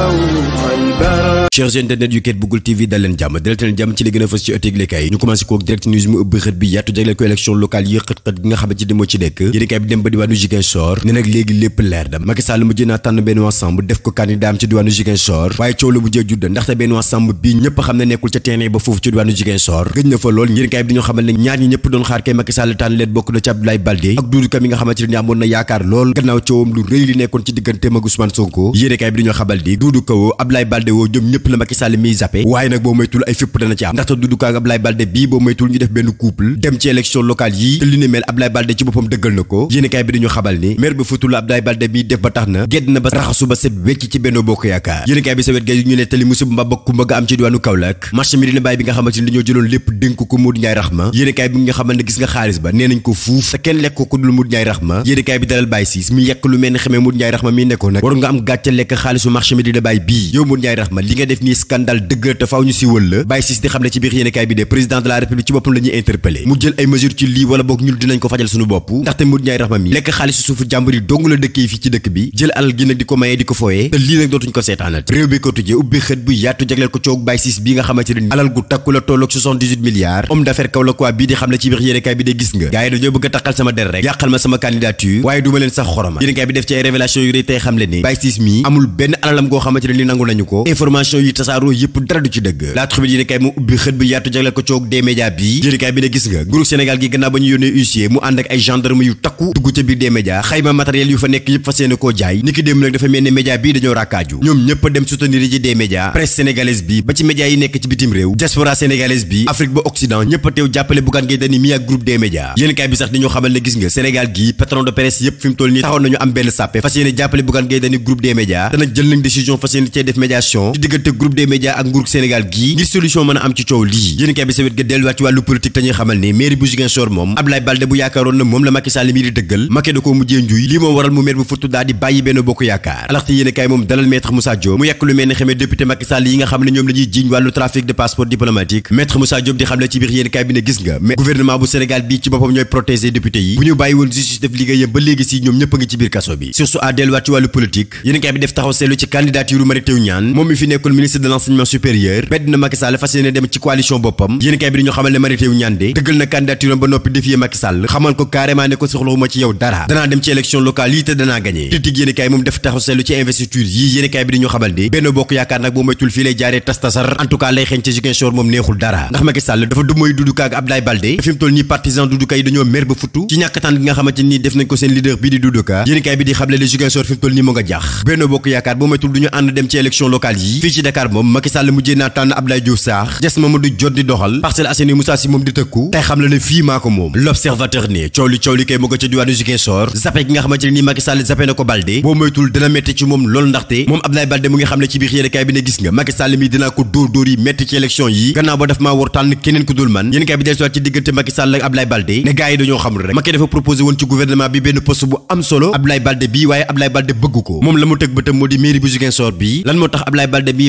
go chers internet yu Ket Bougoul TV dal jàmm dal jàmm ci li gën a fës ci ëtteeg lekaay ñu commencé ko élection ne fa lool yéenekaay ne ñaar lool gannaaw coowam lu rëy li nekkoon ci digganteem ak Ousmane Sonko yéenekaay bi dañoo xamal di Doudou Ka woo Abdoulaye Baldé woo ñoom la Macky Sall miy zappe waaye nag boo moytul ay fipp dana ci am ndaxte Doudou Ka ak Ablaye Baldé bii ñu def benn couple dem ci élection locale yii te li ni mel Ablaye Baldé ci boppam dëggal na ko yéenekaay bi dañu xabal ni maire bi futul Ablaye Baldé bii def ba tax na gedd na ba raxasu ba set wecc ci Benno Bokk Yaakaar yéenekaay bi sa wet ga ñu ne tali musub mba bakku mba am ci diwaanu Kaolack marché mi dina bàyyi bi nga def nii scandale te faaw ñu siiwal la bàyyi di xam ci biir yéenekaay bi de président de la république ci boppam la interpellé mu jël ay mesures ci lii wala boog ñun dinañ ko fajal suñu bopp ndaxte Modou Ndiaye Rahma mi lekk xaalisu suufu jàmbur yi dong la dëkk fii ci dëkk bi jël alal gi nag di ko mayee di ko fooyee te lii nag dootuñ ko seetaanati réew bi ko tujjee ubbi xët bu yaatu jagleel ko coog bàyyi bi nga xamante alal gu takku la xëccoo yi tasaaroo yëpp dara du ci dëgg la tribune yéenekaay mu ubbi xët bi yaatu jagle ko coog des médias bi yéenekaay bi ne gis nga nguuru Sénégal gi gannaaw ba ñu yónnee huissier mu ànd ak ay gendarme yu takku dugg ca biir des médias xayma matériel yu fa nekk yëpp fas yéene koo jaay ni démb nag dafa mel ne média bii dañoo rakkaaju ñoom ñëpp dem soutenir ji des médias presse sénégalaise bi ba ci médias yi nekk ci bitim réew diaspora sénégalaise bi Afrique ba Occident diggante groupe des médias ak nguurug Sénégal gi ngir solution mën am ci ciow li yene kay bi sa wet ga delluwaat ci walu politique te xamal ne maire bu Ziguinchor mom Abdoulaye Baldé bu yaakaaroon na mom la Macky Sall mi di dëggal Macky da koo mujjee njuy lii moo waral mu maire bu furtu daal di bayyi benn bokku yaakaar alaxte yene kay mom dalal maître Moussa Diop mu yak lu melni xamé député Macky Sall yi nga xamné ñom lañuy la walu trafic de passeport diplomatique maître Moussa Diop di xamlé ci biir yene kay bi ne gis nga mais gouvernement bu Sénégal bi ci bopam ñoy protéger député yi bu ñu bayyi woon justice def liggéeyam ba légui si ñom ñepp nga ci biir kasso bi surtout à delluwaat ci walu politique yene kay bi def taxaw seetlu ci candidature marie Teuw Niane mom mi fi nekkoon ministre de l'enseignement supérieur bedd na Macky Sall fas dem ci coalition bopam yene kay bi ñu xamal ne Mary Teuw ñandé deugul na candidature ba nopi défier Macky Sall xamal ko carrément ne ko soxlawuma ci yow dara dana dem ci élection locale yi té dana gagné critique yene kay moom def taxaw ci investiture yi yene kay bi ñu xamal dé benn bokk yaakaar nag boo moytul fii lay jaaree en tout cas lay xeeñ ci Ziguinchor moom neexul dara ndax Macky Sall dafa dumooy Doudou Ka Abdoulaye Baldé fi tol ni partisan Doudou kay yi dañoo mer ba ci ñàkkataan gi nga xamante def nañ ko sen leader bi di Doudou Ka yene kay bi di xamle le Ziguinchor fi mu toll nii moo nga jax benn bokk yaakaar boo moytul duñu ànd dem ci élection locale yi fi ci Dakar moom dina ko dóor dóor yi metti ci élection yi gannaaw ba daf maa war tànn keneen ku dul man yéenekaay bi dellusiwaat ci diggante Macky Sall ak Balde ne gars yi dañoo xamul rek Macky dafa proposé Balde bi waaye Abdoulaye Balde bëgg ko moom la mu tëg bëtam moo di mairie bu Ziguinchor bi lan moo tax Abdoulaye Balde bi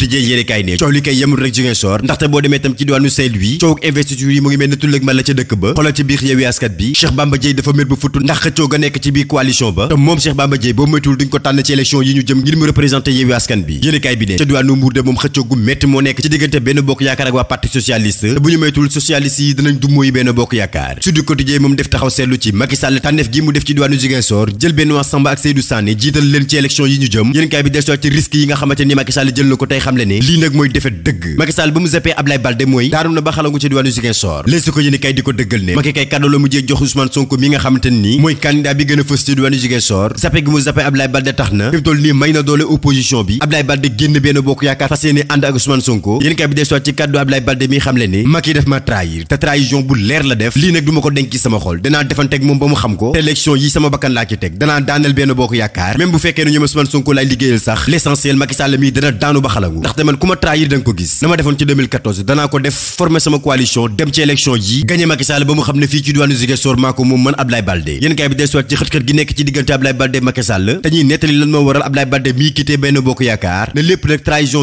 quotidien yéene kaay ne li kay yemul rek jógee soor ndaxte boo demee tam ci diwaanu Saint-Louis coow investiture yi mu ngi mel ne ci biir Yewwi de moom xëccoo gu métti moo nekk ci diggante benn bokk yaakaar ak waa parti socialiste bu ñu moytuwul socialiste yi dinañ du mooy benn bokk yaakaar Sud Quotidien moom def taxaw seetlu ci Macky tànneef gi mu def ci diwaanu Ziguinchor jël Benoît Sambou ak Seydou Sané jiital leen ci élection xamle lii nag mooy defet dëgg Macky ba mu zappee Ablaye Baldé mooy daanu ba xalangu ci diwaanu Ziguinchor Les Échos yéen kay di ko dëggal benn bokk ko yaakaar même bu fekkee ne ñoom Ousmane Sonko laay liggéeyal sax l'essentiel Macky Sall dana daanu ba xalangu ndaxte man ku ma trahir da nga ko gis na ma defoon ci ne fii ne lépp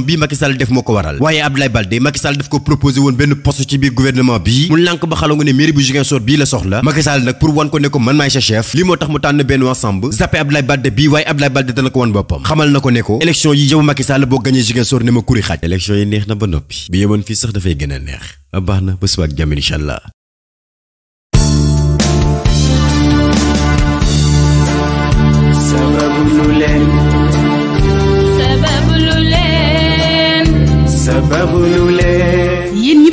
bi Macky def moo ko waral waaye Ablaye Baldé Macky Sall daf ko proposé woon benn poste ci biir gouvernement bi mu lànk ba xalangu ne mairie bu Ziguinchor bii la soxla Macky nag pour wan ko ne ko man maay sa chef li moo tax mu tànn Benoît Sambou zappe Ablaye Baldé bii waaye Ablaye Baldé dana ko wan boppam xamal na ko ne ko élection yi yow Macky boo gagné Ziguinchor Ziguinchor ne ma kuri xaaj élection yi neex na ba noppi bi yemoon fii sax dafay gën a neex a baax na ba suba ak jàmm incha allah sabablu leen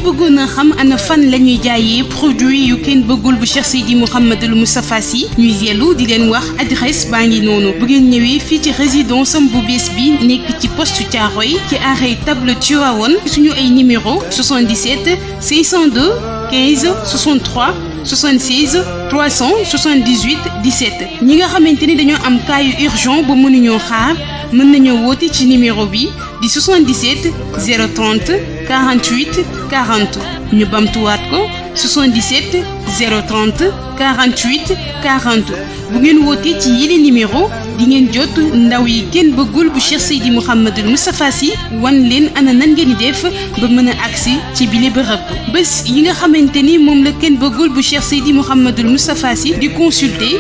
Nous a xam ana fan lañuy jaayee produit yu kenn bëggul bu Cheikh Seydi El Moustapha si ñuy yellu di leen wax adresse baa ngi noonu bu ngeen ñëwee fii ci résidence am bu bees bi nekk ci poste Thiaroye ci arrêt table Tivaouane suñu ay numéro 77 602 15 63 76 378 17 ñi nga xamante ni dañoo am cas yu urgent ba mënuñoo xaar mën nañoo woote ci numéro bi di 77 030 48 40 ñu ko 77 030 48 40 bu ngeen wootee ci yili numéro di ngeen jot ndaw yi kenn bëggul bu Cheikh Seydi Mouhamadul mustapha Sy wan leen ana nan ngeen di def ba mëna a agsi ci bile bërëb bés yi nga xamanteni mom la kenn bëggul bu Cheikh Seydi Mouhamadul mustapha Sy di consulter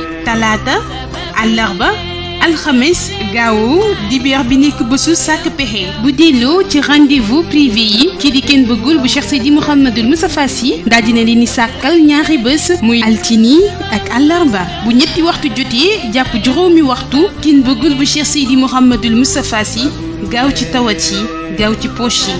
al-arba al-khamis gaaw dibéer bi nekk bésu sàkk pexe bu delloo ci rendez-vous privé yi ci di kenn bëggul bu Cheikh sidi Mouhamadul Moustapha Sy daal dina leen ni sàkkal ñaari bés muy altini ak àllarba bu ñetti waxtu jotee jàpp juróomi waxtu kin bëggul bu Cheikh sidi Mouhamadul Moustapha Sy gaaw ci tawat yi gaaw ci poche yi